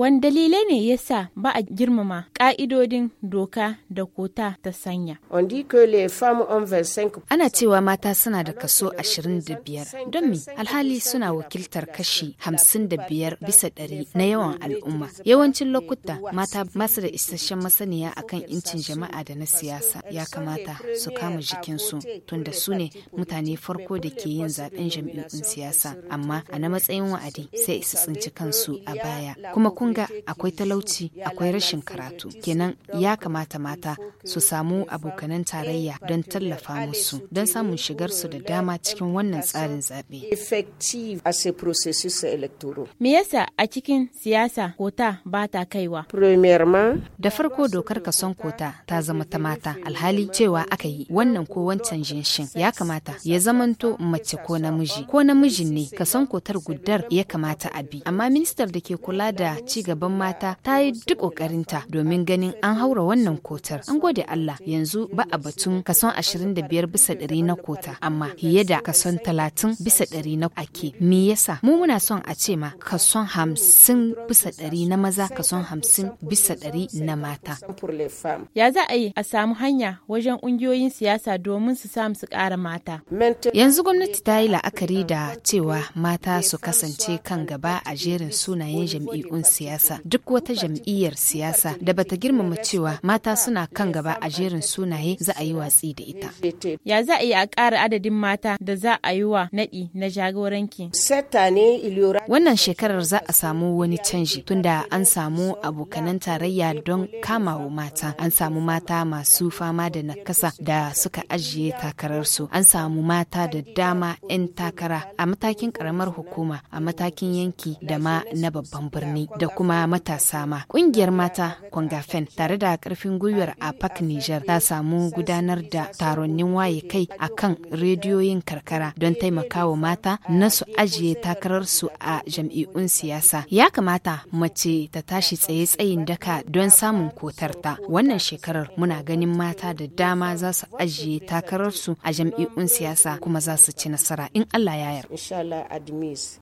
Wani dalilai ne ya sa ba a girmama ƙa'idodin doka da kota ta sanya? Ana cewa mata suna da kaso 25 don me alhali suna wakiltar kashi 55 bisa ɗari na yawan al'umma. Yawancin lokuta mata masu da isasshen masaniya akan incin jama'a da na siyasa ya kamata su kama jikinsu tunda su ne mutane farko da ke yin zaben jam'iyyun siyasa amma a na matsayin wa'adi sai su tsinci kansu a baya kuma kun kun ga akwai talauci akwai rashin karatu kenan ya kamata mata su samu abokanan tarayya don tallafa musu don samun shigar su da dama cikin wannan tsarin zaɓe. Me yasa a cikin siyasa kota ba ta kaiwa? Da farko dokar kason kota ta zama ta mata alhali cewa aka yi wannan ko wancan jinshin ya kamata ya zamanto mace ko namiji ko namijin ne kason kotar gudar ya kamata a bi amma ministar da ke kula da ci ci gaban mata ta yi duk ƙoƙarinta domin ganin an haura wannan kotar. An gode Allah yanzu ba a batun kason 25 bisa 100 na kota amma fiye da kason 30 bisa 100 na ake. Me yasa mu muna son a ce ma kason 50 bisa 100 na maza kason 50 bisa 100 na mata. Ya za a yi a samu hanya wajen ƙungiyoyin siyasa domin su samu su ƙara mata. Yanzu gwamnati ta yi la'akari da cewa mata su kasance kan gaba a jerin sunayen jam'i'un siyasa duk wata jam'iyyar siyasa da bata girmama cewa mata suna kan gaba a jerin sunaye za a yi watsi da ita. Ya za a yi a ƙara adadin mata da za a yi wa naɗi na jagoranki? Wannan shekarar za a samu wani canji tunda an samu abokanan tarayya don kamawa mata. An samu mata masu fama da nakasa da suka ajiye takararsu. An samu mata da dama 'yan takara a matakin karamar hukuma, a matakin yanki da ma na babban birni da kuma matasa ma. Ƙungiyar mata Kwangafen tare da karfin gwiwar a pak Niger ta samu gudanar da taronin waye kai a kan rediyoyin karkara don taimakawa mata na su ajiye takararsu a jam'i'un siyasa. Ya kamata mace ta tashi tsaye tsayin daka don samun kotarta. Wannan shekarar muna ganin mata da dama za su ajiye takararsu a jam'i'un siyasa kuma za su ci nasara in Allah ya yarda.